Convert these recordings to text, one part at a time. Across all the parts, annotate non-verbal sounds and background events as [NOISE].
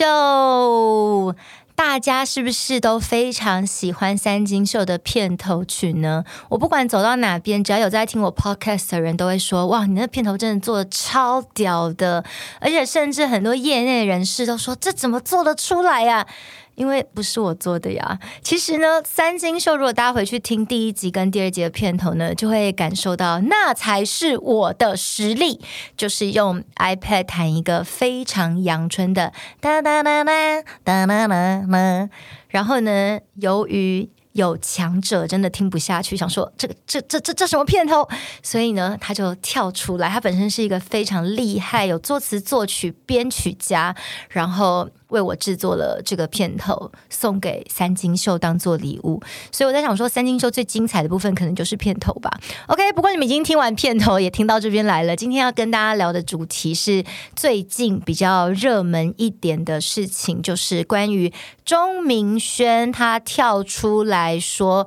就大家是不是都非常喜歡《三金秀》的片頭曲呢？我不管走到哪邊，只要有在聽我 Podcast 的人，都會說：哇，你那片頭真的做得超屌的！而且甚至很多業內人士都說：這怎麼做得出來呀、啊？因為不是我做的呀。其實呢，《三金秀》如果大家回去聽第一集跟第二集的片頭呢，就會感受到那才是我的實力，就是用 iPad 彈一個非常陽春的噠噠噠噠，噠噠噠噠噠。然後呢，由於有強者真的聽不下去，想說這個這這這這什麼片頭，所以呢，他就跳出來。他本身是一個非常厲害，有作詞作曲編曲家，然後。為我制作了這個片頭，送給三金秀當做禮物，所以我在想說，三金秀最精彩的部分可能就是片頭吧。OK，不過你們已經聽完片頭，也聽到這邊來了。今天要跟大家聊的主題是最近比較熱門一點的事情，就是關於鐘明軒他跳出來說。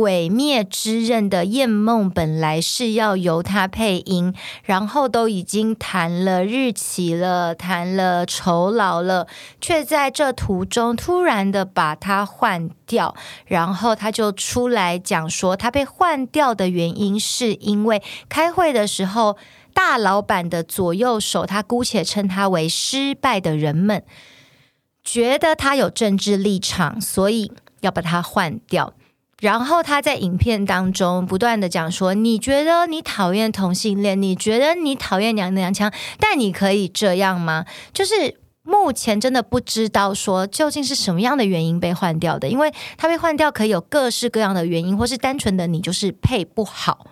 《鬼滅之刃》的魘夢本來是要由他配音，然後都已經談了日期了，談了酬勞了，卻在這途中突然的把他換掉。然後他就出來講說，他被換掉的原因是因為開會的時候，大老闆的左右手，他姑且稱他為失敗的人們，覺得他有政治立場，所以要把他換掉。然後他在影片當中不斷的講說，你覺得你討厭同性戀，你覺得你討厭娘娘腔，但你可以這樣嗎？就是目前真的不知道說究竟是什麼樣的原因被換掉的，因為他被換掉可以有各式各樣的原因，或是單純的你就是配不好。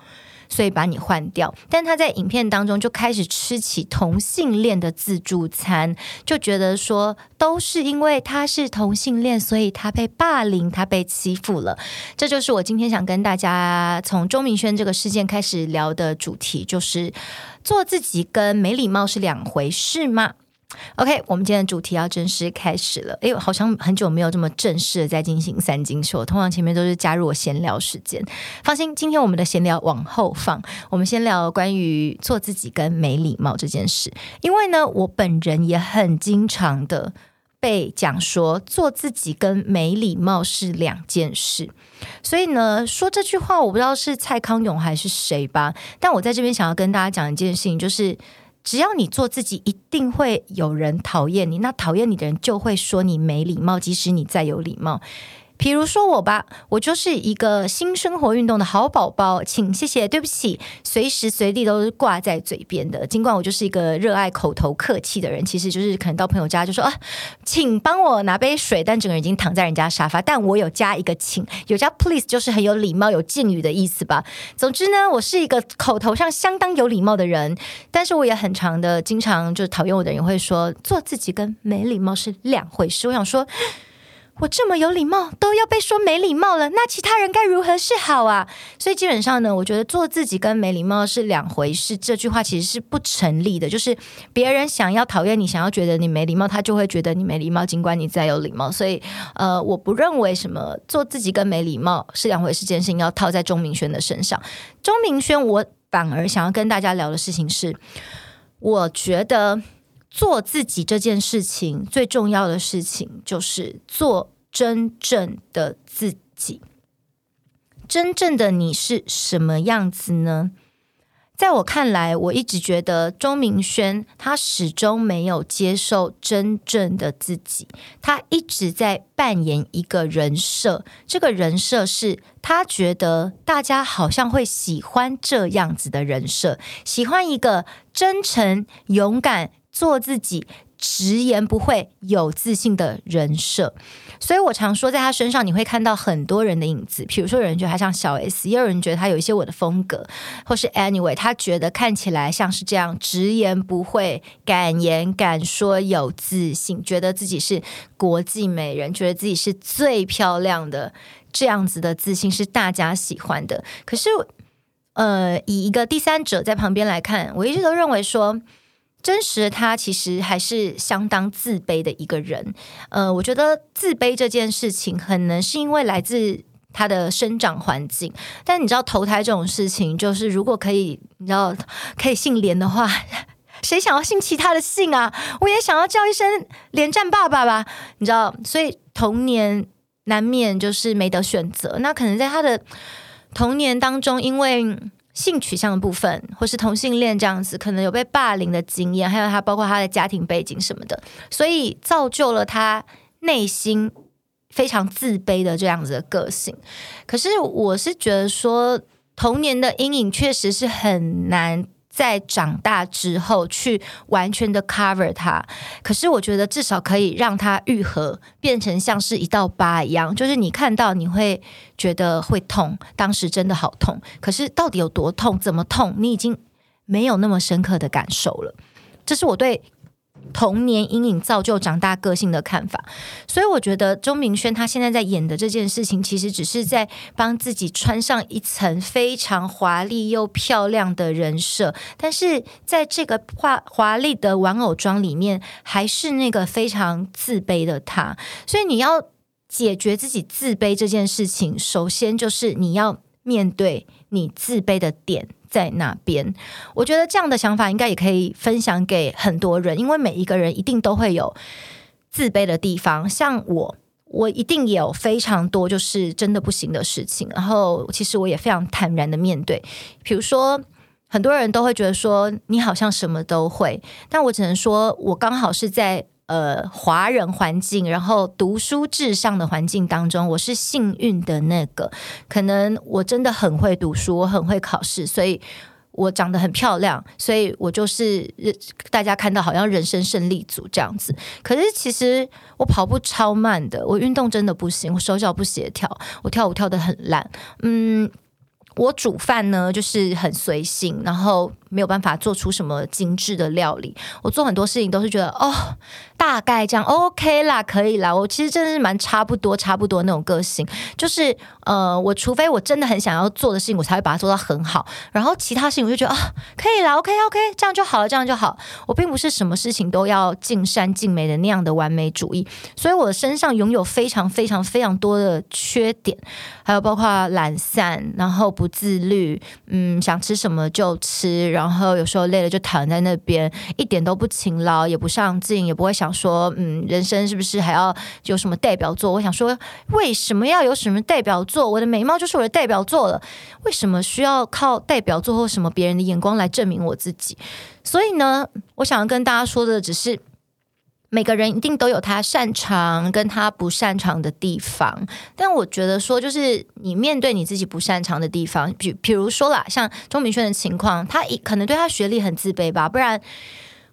所以把你換掉，但他在影片當中就開始吃起同性戀的自助餐，就覺得說都是因為他是同性戀，所以他被霸凌，他被欺負了。這就是我今天想跟大家從鍾明軒這個事件開始聊的主題，就是做自己跟沒禮貌是兩回事嗎？OK，我們今天的主題要正式開始了。哎呦，好像很久沒有這麼正式的在進行三金秀。通常前面都是加入我閒聊時間。放心，今天我們的閒聊往後放。我們先聊關於做自己跟沒禮貌這件事。因為呢，我本人也很經常的被講說做自己跟沒禮貌是兩件事。所以呢，說這句話我不知道是蔡康永還是誰吧。但我在這邊想要跟大家講一件事情，就是。只要你做自己，一定會有人討厭你。那討厭你的人就會說你沒禮貌，即使你再有禮貌。比如說我吧，我就是一個新生活運動的好寶寶，請謝謝對不起，隨時隨地都是掛在嘴邊的。儘管我就是一個熱愛口頭客氣的人，其實就是可能到朋友家就說啊，請幫我拿杯水，但整個人已經躺在人家沙發，但我有加一個請，有加 please，就是很有禮貌、有敬語的意思吧。總之呢，我是一個口頭上相當有禮貌的人，但是我也很常的，經常就討厭我的人會說做自己跟沒禮貌是兩回事。我想說。我這麼有禮貌，都要被說沒禮貌了，那其他人該如何是好啊？所以基本上呢，我覺得做自己跟沒禮貌是兩回事。這句話其實是不成立的，就是別人想要討厭你，想要覺得你沒禮貌，他就會覺得你沒禮貌，儘管你再有禮貌。所以，呃，我不認為什麼做自己跟沒禮貌是兩回事。這件事情要套在鐘明軒的身上，鐘明軒，我反而想要跟大家聊的事情是，我覺得。做自己這件事情最重要的事情，就是做真正的自己。真正的你是什麼樣子呢？在我看來，我一直覺得鍾明軒他始終沒有接受真正的自己，他一直在扮演一個人設。這個人設是他覺得大家好像會喜歡這樣子的人設，喜歡一個真誠、勇敢。做自己，直言不諱，有自信的人設。所以我常說，在他身上你會看到很多人的影子。比如說，有人覺得他像小 S，也有人覺得他有一些我的風格，或是 anyway，他覺得看起來像是這樣，直言不諱，敢言敢說，有自信，覺得自己是國際美人，覺得自己是最漂亮的，這樣子的自信是大家喜歡的。可是，呃，以一個第三者在旁邊來看，我一直都認為說。真實的他其實還是相當自卑的一個人。呃，我覺得自卑這件事情，可能是因為來自他的生長環境。但你知道投胎這種事情，就是如果可以，你知道可以姓連的話，誰想要姓其他的姓啊？我也想要叫一聲連戰爸爸吧，你知道，所以童年難免就是沒得選擇。那可能在他的童年當中，因為。性取向的部分，或是同性戀這樣子，可能有被霸凌的經驗，還有他包括他的家庭背景什麼的，所以造就了他內心非常自卑的這樣子的個性。可是我是覺得說，童年的陰影確實是很難。在長大之後去完全的 cover 它，可是我覺得至少可以讓它愈合，變成像是一道疤一樣。就是你看到你會覺得會痛，當時真的好痛。可是到底有多痛，怎麼痛，你已經沒有那麼深刻的感受了。這是我對。童年陰影造就長大個性的看法，所以我覺得鐘明軒他現在在演的這件事情，其實只是在幫自己穿上一層非常華麗又漂亮的人設，但是在這個華華麗的玩偶裝裡面，還是那個非常自卑的他。所以你要解決自己自卑這件事情，首先就是你要面對你自卑的點。在那邊，我覺得這樣的想法應該也可以分享給很多人，因為每一個人一定都會有自卑的地方。像我，我一定也有非常多就是真的不行的事情。然後，其實我也非常坦然的面對。比如說，很多人都會覺得說你好像什麼都會，但我只能說，我剛好是在。呃，華人環境，然後讀書至上的環境當中，我是幸運的那個。可能我真的很會讀書，我很會考試，所以我長得很漂亮，所以我就是大家看到好像人生勝利組這樣子。可是其實我跑步超慢的，我運動真的不行，我手腳不協調，我跳舞跳得很爛。嗯，我煮飯呢就是很隨性，然後沒有辦法做出什麼精致的料理。我做很多事情都是覺得哦。大概這樣，OK 啦，可以啦。我其實真的是蠻差不多，差不多那種個性，就是呃，我除非我真的很想要做的事情，我才會把它做到很好。然後其他事情我就覺得啊，可以啦，OK OK，這樣就好了，這樣就好。我並不是什麼事情都要盡善盡美的那樣的完美主義，所以我身上擁有非常非常非常多的缺點，還有包括懶散，然後不自律，嗯，想吃什麼就吃，然後有時候累了就躺在那邊，一點都不勤勞，也不上進，也不會想。說嗯，人生是不是還要有什麼代表作？我想說，為什麼要有什麼代表作？我的美貌就是我的代表作了，為什麼需要靠代表作或什麼別人的眼光來證明我自己？所以呢，我想要跟大家說的只是，每個人一定都有他擅長跟他不擅長的地方。但我覺得說，就是你面對你自己不擅長的地方，比比如說啦，像鐘明軒的情況，他可能對他學歷很自卑吧，不然。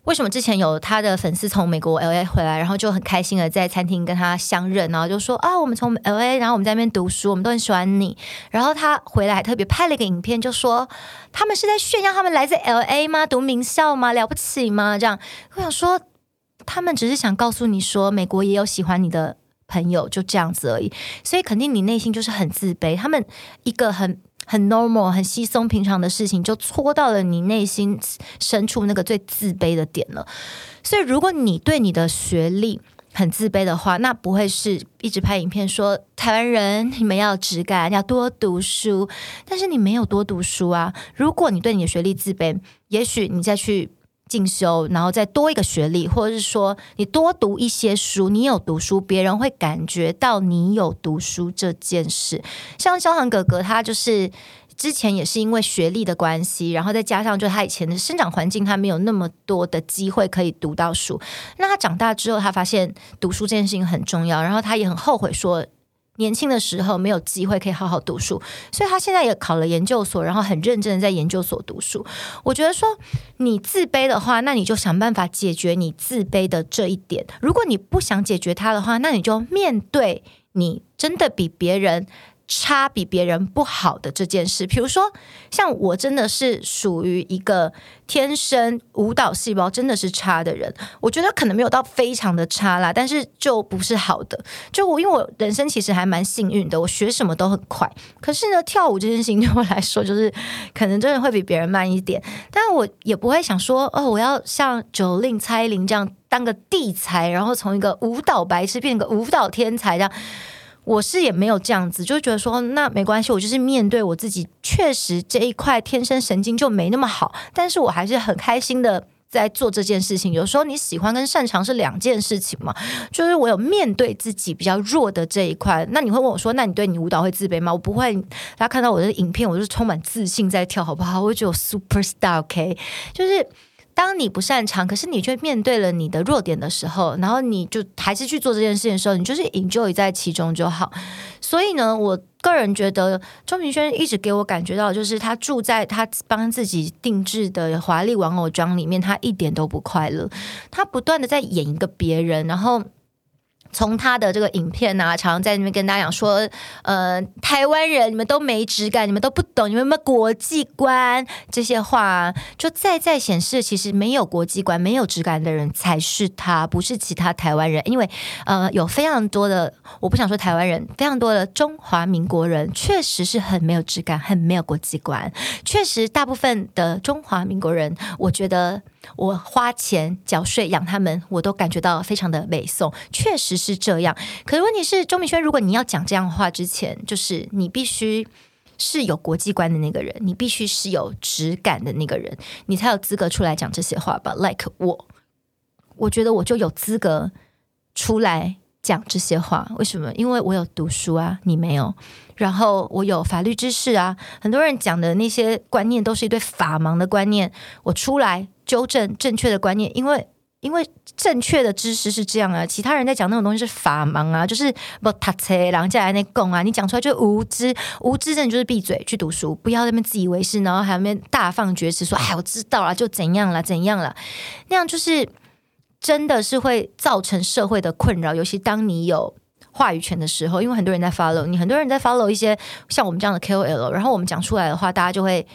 為什麼之前有他的粉絲從美國 LA 回來，然後就很開心的在餐廳跟他相認，然後就說啊，我們從 LA，然後我們在那邊讀書，我們都很喜歡你。然後他回來還特別拍了一個影片，就說他們是在炫耀他們來自 LA 嗎？讀名校嗎？了不起嗎？這樣，我想說，他們只是想告訴你說，美國也有喜歡你的朋友，就這樣子而已。所以肯定你內心就是很自卑。他們一個很。很 normal、很稀鬆平常的事情，就戳到了你內心深處那個最自卑的點了。所以，如果你對你的學歷很自卑的話，那不會是一直拍影片說台灣人你們要質感，要多讀書，但是你沒有多讀書啊。如果你對你的學歷自卑，也許你再去。進修，然後再多一個學歷，或者是說你多讀一些書。你有讀書，別人會感覺到你有讀書這件事。像肖涵哥哥，他就是之前也是因為學歷的關係，然後再加上就他以前的生長環境，他沒有那麼多的機會可以讀到書。那他長大之後，他發現讀書這件事情很重要，然後他也很後悔說。年輕的時候沒有機會可以好好讀書，所以他現在也考了研究所，然後很認真的在研究所讀書。我覺得說你自卑的話，那你就想辦法解決你自卑的這一點。如果你不想解決它的話，那你就面對你真的比別人。差比別人不好的這件事，比如說像我真的是屬於一個天生舞蹈細胞真的是差的人，我覺得可能沒有到非常的差啦，但是就不是好的。就我因為我人生其實還蠻幸運的，我學什麼都很快。可是呢，跳舞這件事情對我來說，就是可能真的會比別人慢一點。但我也不會想說，哦，我要像 Jolin、蔡依林這樣當個地才，然後從一個舞蹈白痴變個舞蹈天才這樣。我是也沒有這樣子，就覺得說那沒關係，我就是面對我自己，確實這一塊天生神經就沒那麼好，但是我還是很開心的在做這件事情。有時候你喜歡跟擅長是兩件事情嘛，就是我有面對自己比較弱的這一塊。那你會問我說，那你對你舞蹈會自卑嗎？我不會，大家看到我的影片，我就是充滿自信在跳，好不好？我覺得我 super star，OK，okay? 就是。當你不擅長，可是你卻面對了你的弱點的時候，然後你就還是去做這件事情的時候，你就是 enjoy 在其中就好。所以呢，我個人覺得鐘明軒一直給我感覺到，就是他住在他幫自己定制的華麗玩偶裝裡面，他一點都不快樂，他不斷的在演一個別人，然後。從他的這個影片啊，常常在那邊跟大家講說，呃，台灣人你們都沒質感，你們都不懂，你們有沒有國際觀這些話，就再再顯示，其實沒有國際觀、沒有質感的人才是他，不是其他台灣人。因為呃，有非常多的我不想說台灣人，非常多的中華民國人確實是很沒有質感、很沒有國際觀，確實大部分的中華民國人，我覺得。我花錢繳稅養他們，我都感覺到非常的美頌，確實是這樣。可是問題是，鐘明軒，如果你要講這樣的話，之前就是你必須是有國際觀的那個人，你必須是有質感的那個人，你才有資格出來講這些話吧？Like 我，我覺得我就有資格出來講這些話，為什麼？因為我有讀書啊，你沒有。然後我有法律知識啊，很多人講的那些觀念都是一堆法盲的觀念。我出來糾正正確的觀念，因為因為正確的知識是這樣啊。其他人在講那種東西是法盲啊，就是不他切，然後再來那供啊，你講出來就無知，無知症就是閉嘴去讀書，不要在那邊自以為是，然後還在那邊大放厥詞說，哎，我知道了，就怎樣了，怎樣了，那樣就是真的是會造成社會的困擾，尤其當你有。話語權的時候，因為很多人在 follow，你很多人在 follow 一些像我們這樣的 KOL，然後我們講出來的話，大家就會，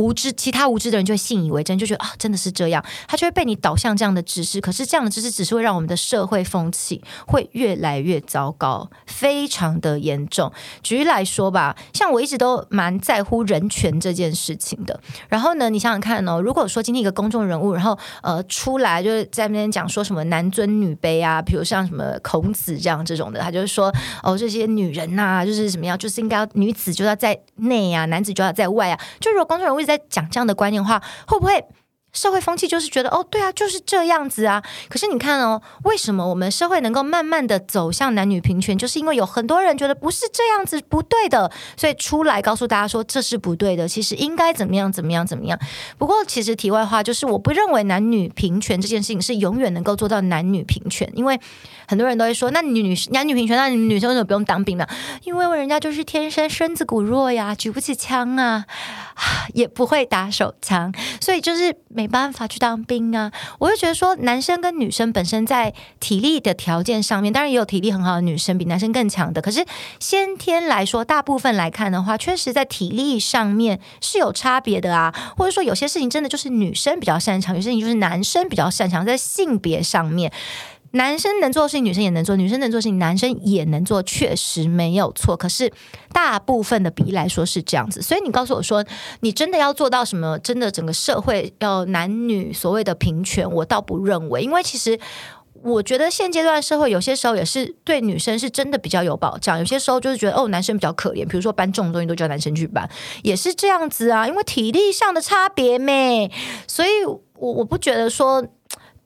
無知，其他無知的人就會信以為真，就覺得啊，真的是這樣，他就會被你導向這樣的知識。可是這樣的知識只是會讓我們的社會風氣會越來越糟糕，非常的嚴重。舉例來說吧，像我一直都蠻在乎人權這件事情的。然後呢，你想想看哦，如果說今天一個公眾人物，然後呃出來就是在那邊講說什麼男尊女卑啊，比如像什麼孔子這樣這種的，他就是說哦，這些女人吶啊，就是什麼樣，就是應該女子就要在內啊，男子就要在外啊。就如果公眾人物，在講這樣的觀念話，會不會社會風氣就是覺得哦，對啊，就是這樣子啊？可是你看哦，為什麼我們社會能夠慢慢的走向男女平權，就是因為有很多人覺得不是這樣子不對的，所以出來告訴大家說這是不對的，其實應該怎麼樣怎麼樣怎麼樣。不過其實題外話就是，我不認為男女平權這件事情是永遠能夠做到男女平權，因為很多人都會說，那你女生男女平權，那你女生就不用當兵了，因為人家就是天生身子骨弱呀，舉不起槍啊。也不會打手槍，所以就是沒辦法去當兵啊。我就覺得說，男生跟女生本身在體力的條件上面，當然也有體力很好的女生比男生更強的，可是先天來說，大部分來看的話，確實在體力上面是有差別的啊。或者說，有些事情真的就是女生比較擅長，有些事情就是男生比較擅長，在性別上面。男生能做的事情，女生也能做；女生能做的事情，男生也能做，確實沒有錯。可是，大部分的比例來說是這樣子。所以，你告訴我說，你真的要做到什麼？真的整個社會要男女所謂的平權，我倒不認為。因為其實，我覺得現階段社會有些時候也是對女生是真的比較有保障。有些時候就是覺得哦，男生比較可憐，比如說搬重的東西都叫男生去搬，也是這樣子啊，因為體力上的差別嘛。所以我我不覺得說。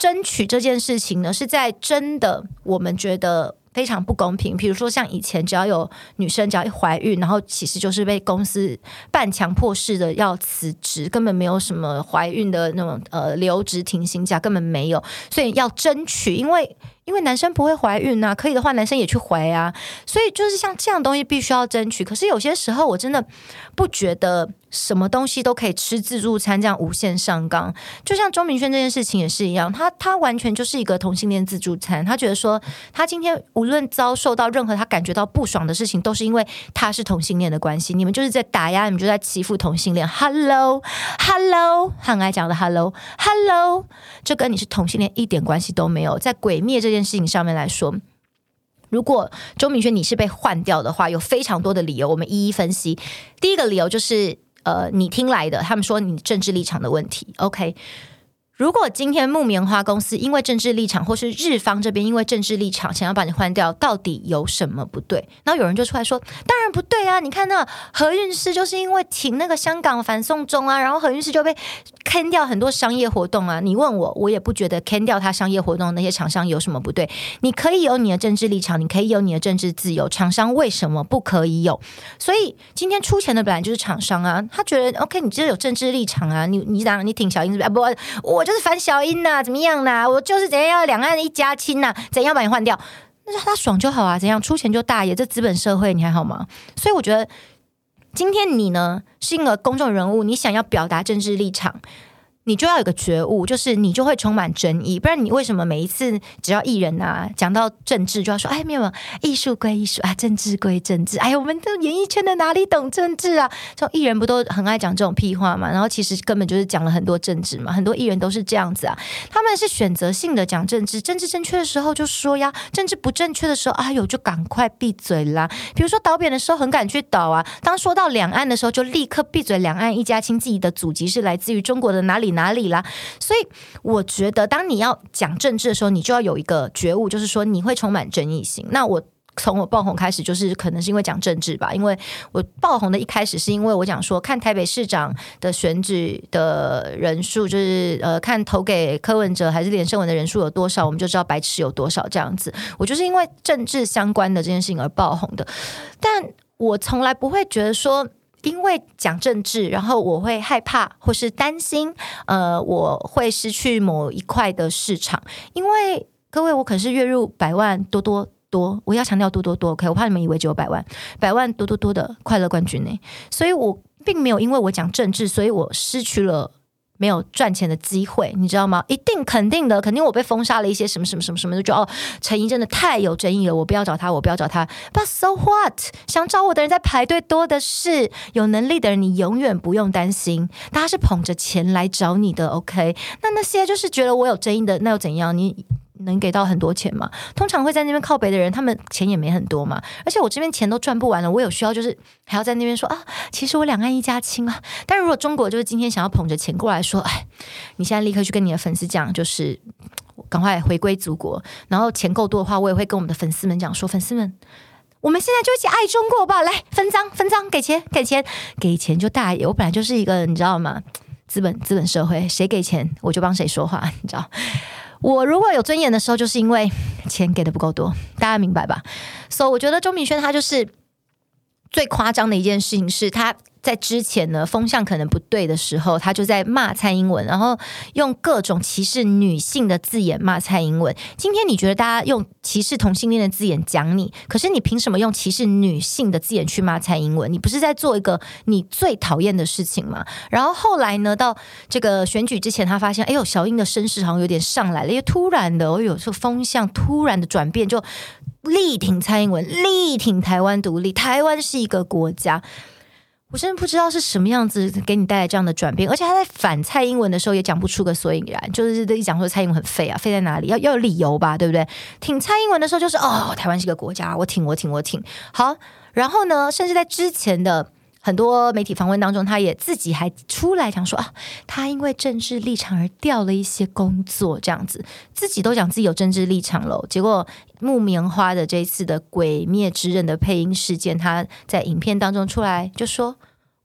爭取這件事情呢，是在真的我們覺得非常不公平。比如說，像以前只要有女生只要一懷孕，然後其實就是被公司半強迫式的要辭職，根本沒有什麼懷孕的那種呃留職停薪假，根本沒有。所以要爭取，因為。因為男生不會懷孕啊，可以的話男生也去懷啊，所以就是像這樣東西必須要爭取。可是有些時候我真的不覺得什麼東西都可以吃自助餐這樣無限上綱。就像鐘明軒這件事情也是一樣，他他完全就是一個同性戀自助餐。他覺得說他今天無論遭受到任何他感覺到不爽的事情，都是因為他是同性戀的關係。你們就是在打壓，你們就在欺負同性戀。Hello，Hello，很 Hello? 愛講的 Hello，Hello，這 Hello? 跟你是同性戀一點關係都沒有。在《鬼滅》這。這件事情上面來說，如果鐘明軒你是被換掉的話，有非常多的理由，我們一一分析。第一個理由就是，呃，你聽來的，他們說你政治立場的問題。OK。如果今天木棉花公司因為政治立場，或是日方這邊因為政治立場想要把你換掉，到底有什麼不對？然後有人就出來說：“當然不對啊！你看那何韻詩就是因為挺那個香港反送中啊，然後何韻詩就被砍掉很多商業活動啊。你問我，我也不覺得砍掉他商業活動的那些廠商有什麼不對。你可以有你的政治立場，你可以有你的政治自由，廠商為什麼不可以有？所以今天出錢的本來就是廠商啊，他覺得 OK，你這有政治立場啊，你你然你挺小英子啊？不，我就。是反小英吶、啊？怎麼樣吶、啊？我就是怎樣要兩岸一家親吶、啊？怎樣要把你換掉？那他爽就好啊？怎樣出錢就大爺？這資本社會你還好嗎？所以我覺得今天你呢，是一個公眾人物，你想要表達政治立場。你就要有個覺悟，就是你就會充滿爭議，不然你為什麼每一次只要藝人啊講到政治就要說哎沒有沒有，藝術歸藝術啊，政治歸政治，哎我們這演藝圈的哪裡懂政治啊？這種藝人不都很愛講這種屁話嗎？然後其實根本就是講了很多政治嘛，很多藝人都是這樣子啊，他們是選擇性的講政治，政治正確的時候就說呀，政治不正確的時候，哎呦就趕快閉嘴啦。比如說倒扁的時候很敢去倒啊，當說到兩岸的時候就立刻閉嘴，兩岸一家親，自己的祖籍是來自於中國的哪裡？哪裡啦？所以我覺得，當你要講政治的時候，你就要有一個覺悟，就是說你會充滿爭議性。那我從我爆紅開始，就是可能是因為講政治吧，因為我爆紅的一開始是因為我講說看台北市長的選舉的人數，就是呃看投給柯文哲還是連勝文的人數有多少，我們就知道白痴有多少這樣子。我就是因為政治相關的這件事情而爆紅的，但我從來不會覺得說。因為講政治，然後我會害怕或是擔心，呃，我會失去某一塊的市場。因為各位，我可是月入百萬多多多，我要強調多多多。OK，我怕你們以為只有百萬，百萬多多多的快樂冠軍呢。所以，我並沒有因為我講政治，所以我失去了。沒有賺錢的機會，你知道嗎？一定肯定的，肯定我被封殺了一些什麼什麼什麼什麼的，就覺得哦，陳怡真的太有爭議了，我不要找他，我不要找他，but so what？想找我的人在排隊多的是，有能力的人你永遠不用擔心，大家是捧着錢來找你的，OK？那那些就是覺得我有爭議的，那又怎樣？你？能給到很多錢嘛？通常會在那邊靠北的人，他們錢也沒很多嘛。而且我這邊錢都賺不完了，我有需要就是還要在那邊說啊。其實我兩岸一家親啊。但如果中國就是今天想要捧着錢過來說，哎，你現在立刻去跟你的粉絲講，就是我趕快回歸祖國。然後錢夠多的話，我也會跟我們的粉絲們講說，粉絲們，我們現在就一起愛中國吧，來分贓分贓，給錢給錢給錢就大爺。我本來就是一個你知道嗎？資本資本社會，誰給錢我就幫誰說話，你知道。我如果有尊嚴的時候，就是因為錢給的不夠多，大家明白吧？所、so, 以我覺得鍾明軒他就是最誇張的一件事情，是他。在之前呢，風向可能不對的時候，他就在罵蔡英文，然後用各種歧視女性的字眼罵蔡英文。今天你覺得大家用歧視同性戀的字眼講你，可是你憑什麼用歧視女性的字眼去罵蔡英文？你不是在做一個你最討厭的事情嗎？然後後來呢，到這個選舉之前，他發現，哎呦，小英的聲勢好像有點上來了，因為突然的，哦、有時候風向突然的轉變，就力挺蔡英文，力挺台灣獨立，台灣是一個國家。我甚至不知道是什麼樣子給你帶來這樣的轉變，而且他在反蔡英文的時候也講不出個所以然，就是一講說蔡英文很廢啊，廢在哪裡？要要有理由吧，對不對？挺蔡英文的時候就是哦，台灣是個國家，我挺，我挺，我挺。好，然後呢，甚至在之前的。很多媒體訪問當中，他也自己還出來講說啊，他因為政治立場而掉了一些工作，這樣子自己都講自己有政治立場了。結果木棉花的這一次的《鬼滅之刃》的配音事件，他在影片當中出來就說：“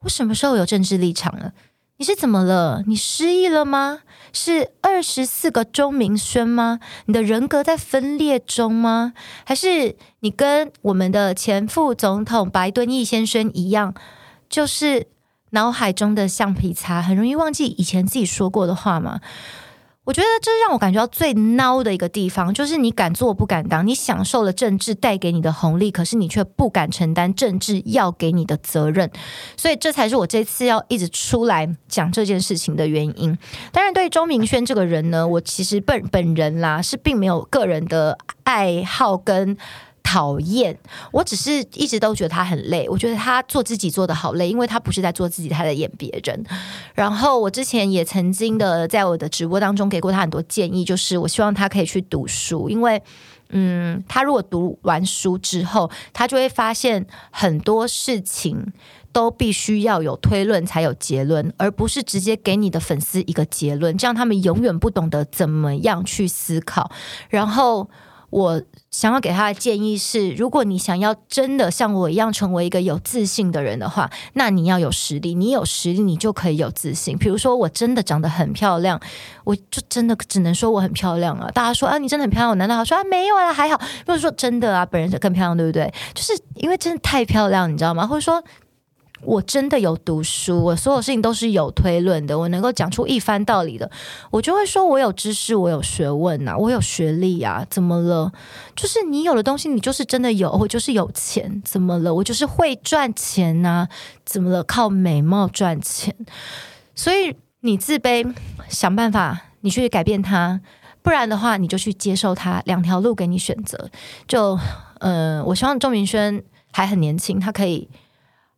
我什麼時候有政治立場了？你是怎麼了？你失憶了嗎？是二十四個鍾明軒嗎？你的人格在分裂中嗎？還是你跟我們的前副總統白敦義先生一樣？”就是腦海中的橡皮擦，很容易忘記以前自己說過的話嘛。我覺得這是讓我感覺到最孬的一個地方，就是你敢做不敢當，你享受了政治帶給你的紅利，可是你卻不敢承擔政治要給你的責任。所以這才是我這次要一直出來講這件事情的原因。當然，對鐘明軒這個人呢，我其實本本人啦是並沒有個人的愛好跟。討厭，我只是一直都覺得他很累。我覺得他做自己做得好累，因為他不是在做自己，他在演別人。然後我之前也曾經的在我的直播當中給過他很多建議，就是我希望他可以去讀書，因為嗯，他如果讀完書之後，他就會發現很多事情都必須要有推論才有結論，而不是直接給你的粉絲一個結論，這樣他們永遠不懂得怎麼樣去思考。然後。我想要給他的建議是：如果你想要真的像我一樣成為一個有自信的人的話，那你要有實力。你有實力，你就可以有自信。比如說，我真的長得很漂亮，我就真的只能說我很漂亮啊。大家說啊，你真的很漂亮，我難道好說啊？沒有啊，還好。不是說真的啊，本人更漂亮，對不對？就是因為真的太漂亮，你知道嗎？或者說。我真的有讀書，我所有事情都是有推論的，我能夠講出一番道理的，我就會說我有知識，我有學問吶、啊，我有學歷啊，怎麼了？就是你有的東西，你就是真的有，我就是有錢，怎麼了？我就是會賺錢吶、啊，怎麼了？靠美貌賺錢，所以你自卑，想辦法你去改變它，不然的話你就去接受它。兩條路給你選擇，就嗯、呃，我希望鍾明軒還很年輕，他可以。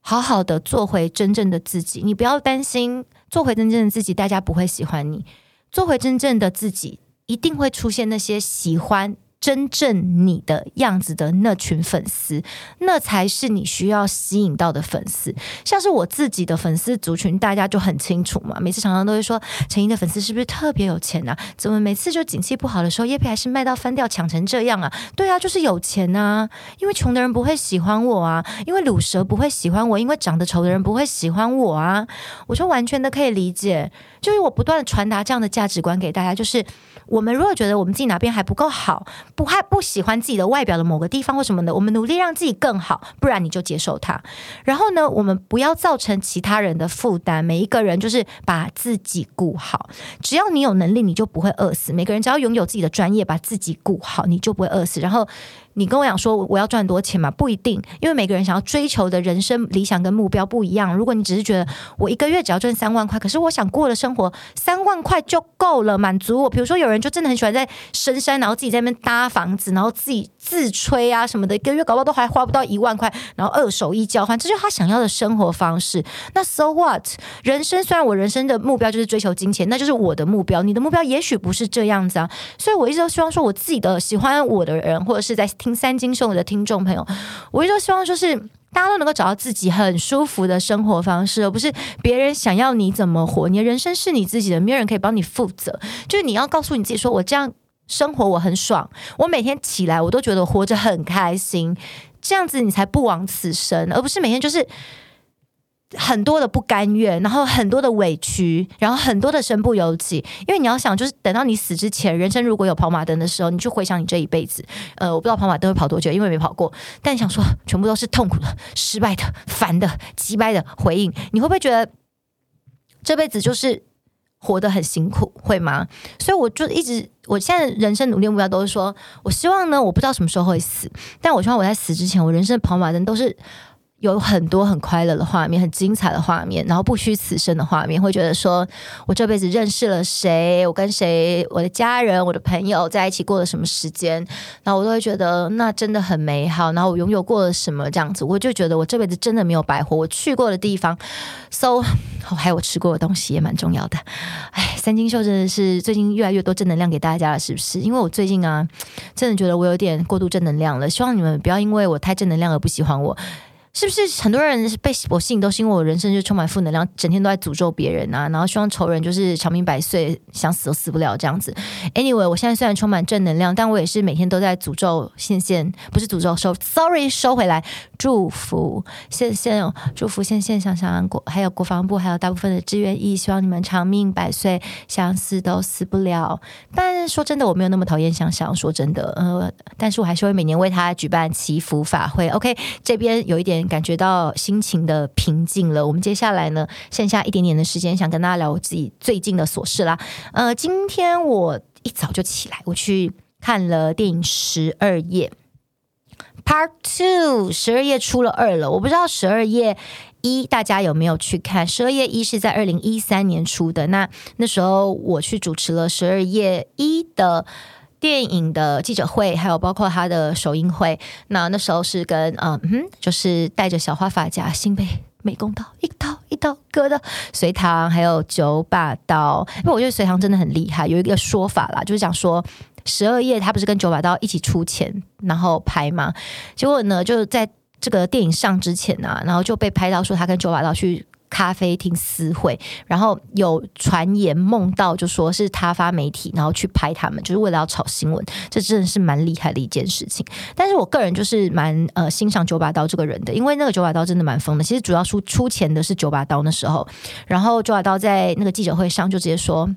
好好的做回真正的自己，你不要擔心做回真正的自己，大家不會喜歡你。做回真正的自己，一定會出現那些喜歡真正你的樣子的那群粉絲，那才是你需要吸引到的粉絲。像是我自己的粉絲族群，大家就很清楚嘛。每次常常都會說，陳沂的粉絲是不是特別有錢啊？怎麼每次就景氣不好的時候，業配還是賣到翻掉，搶成這樣啊？對啊，就是有錢啊！因為窮的人不會喜歡我啊，因為魯蛇不會喜歡我，因為長得醜的人不會喜歡我啊。我說完全的可以理解，就是我不斷的傳達這樣的價值觀給大家，就是我們如果覺得我們自己哪邊還不夠好。不不不喜歡自己的外表的某個地方或什麼的，我們努力讓自己更好，不然你就接受它。然後呢，我們不要造成其他人的負擔。每一個人就是把自己顧好，只要你有能力，你就不會餓死。每個人只要擁有自己的專業，把自己顧好，你就不會餓死。然後。你跟我講說，我要賺很多錢嘛？不一定，因為每個人想要追求的人生理想跟目標不一樣。如果你只是覺得我一個月只要賺三萬塊，可是我想過的生活三萬塊就夠了，滿足我。比如說，有人就真的很喜歡在深山，然後自己在那邊搭房子，然後自己自吹啊什麼的，一個月搞不好，都還花不到一萬塊，然後二手一交換，這就是他想要的生活方式。那 so what？人生雖然我人生的目標就是追求金錢，那就是我的目標。你的目標也許不是這樣子啊。所以我一直都希望說我自己的喜歡我的人，或者是在。聽三金說我的聽眾朋友，我一直希望就是大家都能夠找到自己很舒服的生活方式，而不是別人想要你怎麼活。你的人生是你自己的，沒有人可以幫你負責。就是你要告訴你自己說，說我這樣生活我很爽，我每天起來我都覺得活着很開心，這樣子你才不枉此生，而不是每天就是。很多的不甘願，然後很多的委屈，然後很多的身不由己。因為你要想，就是等到你死之前，人生如果有跑馬燈的時候，你去回想你這一輩子，呃，我不知道跑馬燈會跑多久，因為沒跑過。但想說，全部都是痛苦的、失敗的、煩的、機掰的回應，你會不會覺得這輩子就是活得很辛苦？會嗎？所以我就一直，我現在人生努力目標都是說，我希望呢，我不知道什麼時候會死，但我希望我在死之前，我人生的跑馬燈都是。有很多很快樂的畫面，很精彩的畫面，然後不虛此生的畫面，會覺得說我這輩子認識了誰，我跟誰，我的家人，我的朋友在一起過了什麼時間，然後我都會覺得那真的很美好。然後我擁有過了什麼，這樣子，我就覺得我這輩子真的沒有白活。我去過的地方，so，哦，還有我吃過的東西也蠻重要的。哎，三金秀真的是最近越來越多正能量給大家了，是不是？因為我最近啊，真的覺得我有點過度正能量了。希望你們不要因為我太正能量而不喜歡我。是不是很多人被我吸引都是因為我人生就充滿負能量，整天都在詛咒別人啊，然後希望仇人就是長命百歲，想死都死不了這樣子。Anyway，我現在雖然充滿正能量，但我也是每天都在詛咒線線，不是詛咒收，Sorry，收回來祝福線線，祝福線線、哦、想，想想國還有國防部還有大部分的志願役，希望你們長命百歲，想死都死不了。但是說真的，我沒有那麼討厭想想，說真的，呃，但是我還是會每年為他舉辦祈福法會。OK，這邊有一點。感覺到心情的平靜了。我們接下來呢，剩下一點點的時間，想跟大家聊我自己最近的瑣事啦。呃，今天我一早就起來，我去看了電影《十二夜 Part Two》，十二夜出了二了。我不知道十二夜一大家有沒有去看。十二夜一是在二零一三年出的，那那時候我去主持了十二夜一的。電影的記者會，還有包括他的首映會，那那時候是跟嗯嗯，就是帶着小花髮夾，心被美工刀一刀一刀割的隋棠還有九把刀。因為我覺得隋棠真的很厲害，有一個說法啦，就是講說十二夜他不是跟九把刀一起出錢然後拍嘛，結果呢就在這個電影上之前啊，然後就被拍到說他跟九把刀去，咖啡廳私會，然後有傳言夢到，就說是他發媒體，然後去拍他們，就是為了要炒新聞。這真的是蠻厲害的一件事情。但是我個人就是蠻呃欣賞九把刀這個人的，因為那個九把刀真的蠻瘋的。其實主要出出錢的是九把刀那時候，然後九把刀在那個記者會上就直接說，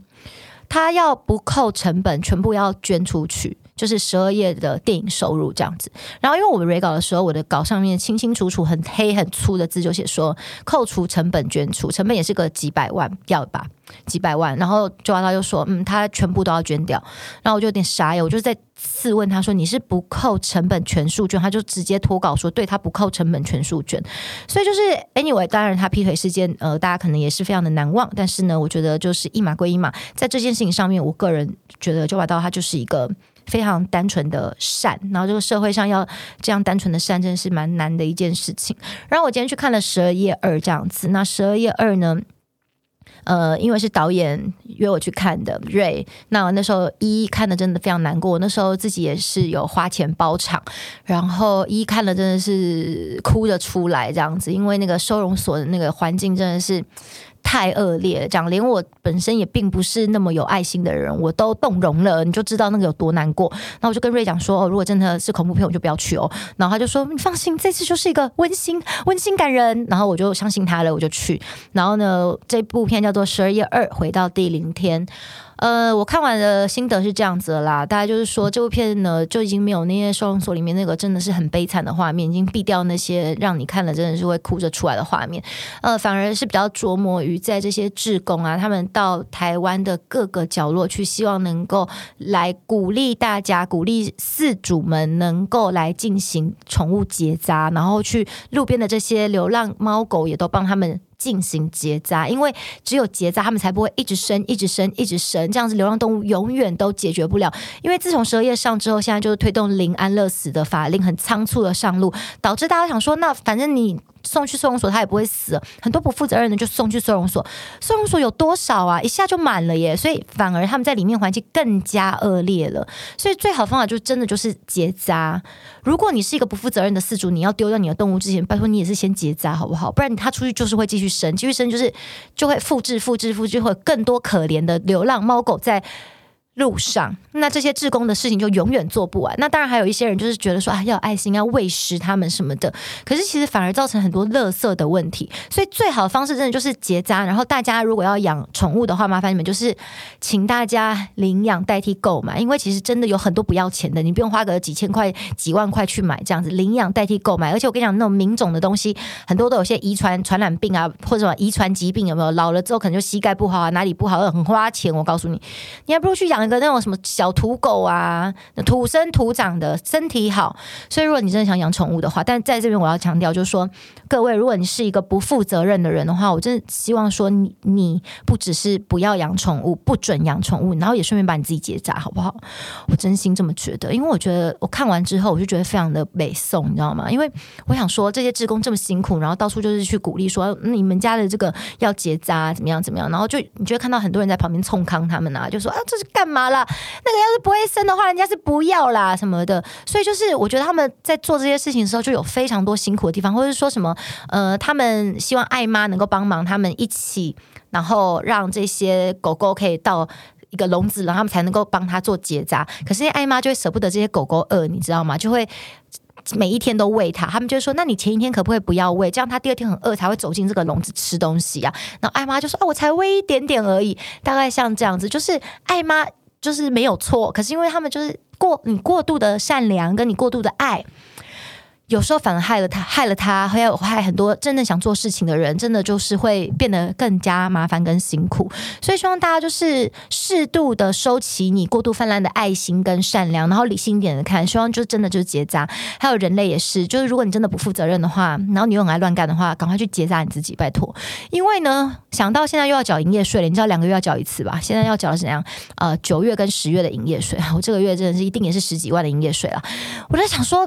他要不扣成本，全部要捐出去。就是十二夜的電影收入這樣子，然後因為我們 review 稿的時候，我的稿上面清清楚楚、很黑、很粗的字就寫說扣除成本捐出，成本也是個幾百萬要吧，幾百萬。然後九把刀就說：“嗯，他全部都要捐掉。”然後我就有點傻眼，我就再次問他說：“你是不扣成本全數捐？”他就直接脫稿說：“對，他不扣成本全數捐。”所以就是 anyway，當然他劈腿事件呃，大家可能也是非常的難忘。但是呢，我覺得就是一碼歸一碼，在這件事情上面，我個人覺得九把刀他就是一個。非常單純的善，然後這個社會上要這樣單純的善，真的是蠻難的一件事情。然後我今天去看了《十二夜二》這樣子，那《十二夜二》呢，呃，因為是導演約我去看的瑞，Ray, 那我那時候一看的真的非常難過，那時候自己也是有花錢包場，然後一看了真的是哭着出來這樣子，因為那個收容所的那個環境真的是。太惡劣，講，連我本身也並不是那麼有愛心的人，我都動容了，你就知道那個有多難過。然後我就跟瑞講說，哦，如果真的是恐怖片，我就不要去哦。然後他就說，你放心，這次就是一個溫馨、溫馨感人。然後我就相信他了，我就去。然後呢，這部片叫做《十二月二》，回到第零天。呃，我看完的心得是這樣子啦，大家就是說這部片呢，就已經沒有那些收容所裡面那個真的是很悲慘的畫面，已經避掉那些讓你看了真的是會哭着出來的畫面，呃，反而是比較琢磨於在這些志工啊，他們到台灣的各個角落去，希望能夠來鼓勵大家，鼓勵飼主們能夠來進行寵物結紮，然後去路邊的這些流浪貓狗也都幫他們。進行結紮，因為只有結紮，他們才不會一直生、一直生、一直生。這樣子，流浪動物永遠都解決不了。因為自從十二夜上之後，現在就是推動零安樂死的法令，很倉促的上路，導致大家想說，那反正你，送去收容所，他也不會死。很多不負責任的就送去收容所，收容所有多少啊？一下就滿了耶！所以反而他們在裡面環境更加惡劣了。所以最好方法就真的就是結扎。如果你是一個不負責任的飼主，你要丟掉你的動物之前，拜托你也是先結扎好不好？不然他出去就是會繼續生，繼續生就是就會複制、複制、複制，會有更多可憐的流浪貓狗在。路上，那這些志工的事情就永遠做不完。那當然還有一些人就是覺得說啊，要有愛心，要餵食他們什麼的。可是其實反而造成很多垃圾的問題。所以最好的方式真的就是結紮，然後大家如果要養寵物的話，麻煩你們就是請大家領養代替購買，因為其實真的有很多不要錢的，你不用花個幾千塊、幾萬塊去買這樣子，領養代替購買。而且我跟你講，那種名種的東西很多都有些遺傳傳染病啊，或者什麼遺傳疾病有沒有？老了之後可能就膝蓋不好啊，哪裡不好啊，又很花錢。我告訴你，你還不如去養那個那種什麼小土狗啊，土生土長的身體好，所以如果你真的想養寵物的話，但在這邊我要強調，就是說各位，如果你是一個不負責任的人的話，我真的希望說你你不只是不要養寵物，不准養寵物，然後也順便把你自己結紮，好不好？我真心這麼覺得，因為我覺得我看完之後，我就覺得非常的悲痛，你知道嗎？因為我想說這些志工這麼辛苦，然後到處就是去鼓勵說、嗯、你們家的這個要結紮怎麼樣怎麼樣，然後就你就會看到很多人在旁邊衝康他們啊，就說啊這是幹嘛了，那個要是不會生的話，人家是不要啦，什麼的。所以就是我覺得他們在做這些事情的時候，就有非常多辛苦的地方，或是說什麼，呃，他們希望艾媽能夠幫忙，他們一起，然後讓這些狗狗可以到一個籠子，然後他們才能夠幫他做結紮。可是艾媽就會捨不得這些狗狗餓，你知道嗎？就會每一天都餵它。他們就說：“那你前一天可不可以不要餵，這樣它第二天很餓才會走進這個籠子吃東西呀、啊？”然後艾媽就說：“啊，我才餵一點點而已，大概像這樣子，就是艾媽。”就是沒有錯，可是因為他們就是過你過度的善良，跟你過度的愛。有時候反而害了他，害了他，還有害很多真正想做事情的人，真的就是會變得更加麻煩跟辛苦。所以希望大家就是適度的收起你過度氾濫的愛心跟善良，然後理性一點的看。希望就真的就是結紮，還有人類也是，就是如果你真的不負責任的話，然後你又很愛亂幹的話，趕快去結紮你自己，拜託。因為呢，想到現在又要繳營業稅了，你知道兩個月要繳一次吧？現在要繳怎樣？呃，九月跟十月的營業稅， [LAUGHS] 我這個月真的是一定也是十幾萬的營業稅了。我在想說。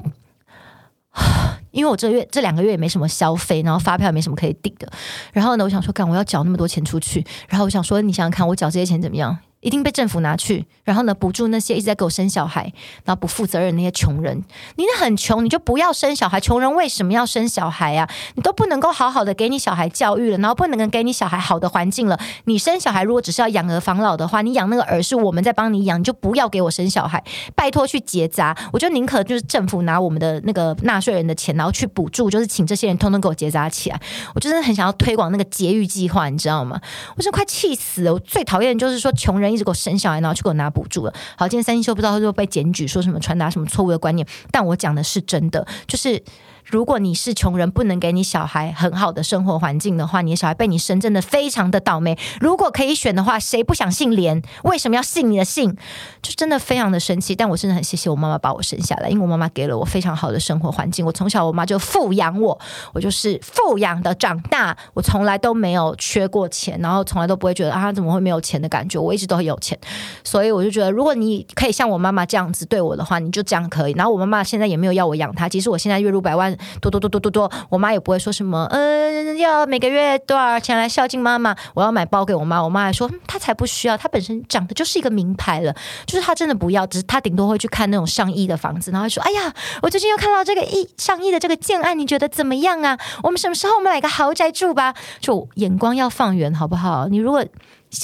因為我這個月這兩個月也沒什麼消費，然後發票也沒什麼可以抵的，然後呢，我想說，幹我要繳那麼多錢出去，然後我想說，你想想看，我繳這些錢怎麼樣？一定被政府拿去，然後呢，補助那些一直在給我生小孩、然後不負責任那些窮人。你很窮，你就不要生小孩。窮人為什麼要生小孩啊？你都不能夠好好的給你小孩教育了，然後不能給你小孩好的環境了。你生小孩如果只是要養兒防老的話，你養那個兒是我們在幫你養，你就不要給我生小孩。拜託去結紮，我就寧可就是政府拿我們的那個納稅人的錢，然後去補助，就是請這些人通通給我結紮起來。我就真的很想要推廣那個節育計劃，你知道嗎？我是快氣死了。我最討厭的就是說窮人。一直給我生小孩，然後去給我拿補助了。好，今天三星秀不知道他就被檢舉，說什麼傳達什麼錯誤的觀念，但我講的是真的，就是。如果你是窮人，不能給你小孩很好的生活環境的話，你的小孩被你生，真的非常的倒霉。如果可以選的話，誰不想姓連？為什麼要姓你的姓？就真的非常的神奇。但我真的很謝謝我媽媽把我生下來，因為我媽媽給了我非常好的生活環境。我從小我媽就富養我，我就是富養的長大，我從來都沒有缺過錢，然後從來都不會覺得啊怎麼會沒有錢的感覺，我一直都很有錢。所以我就覺得，如果你可以像我媽媽這樣子對我的話，你就這樣可以。然後我媽媽現在也沒有要我養她，其實我現在月入百萬，多多多多多多，我媽也不會說什麼，嗯，要每個月多少錢來孝敬媽媽？我要買包給我媽，我媽還說，嗯，她才不需要，她本身長得就是一個名牌了，就是她真的不要，只是她頂多會去看那種上億的房子，然後說，哎呀，我最近又看到這個億上億的這個建案，你覺得怎麼樣啊？我們什麼時候我們買個豪宅住吧？就眼光要放遠，好不好？你如果。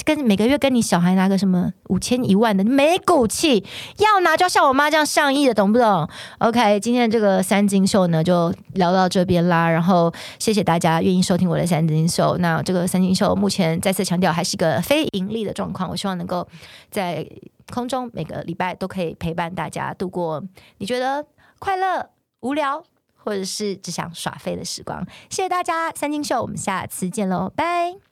跟每個月跟你小孩拿個什麼五千一萬的，沒骨氣，要拿就要像我媽這樣上億的，懂不懂？OK，今天這個三金秀呢就聊到這邊啦，然後謝謝大家願意收聽我的三金秀。那這個三金秀目前再次強調還是一個非盈利的狀況，我希望能夠在空中每個禮拜都可以陪伴大家度過你覺得快樂、無聊或者是只想耍廢的時光。謝謝大家，三金秀，我們下次見嘍，拜拜。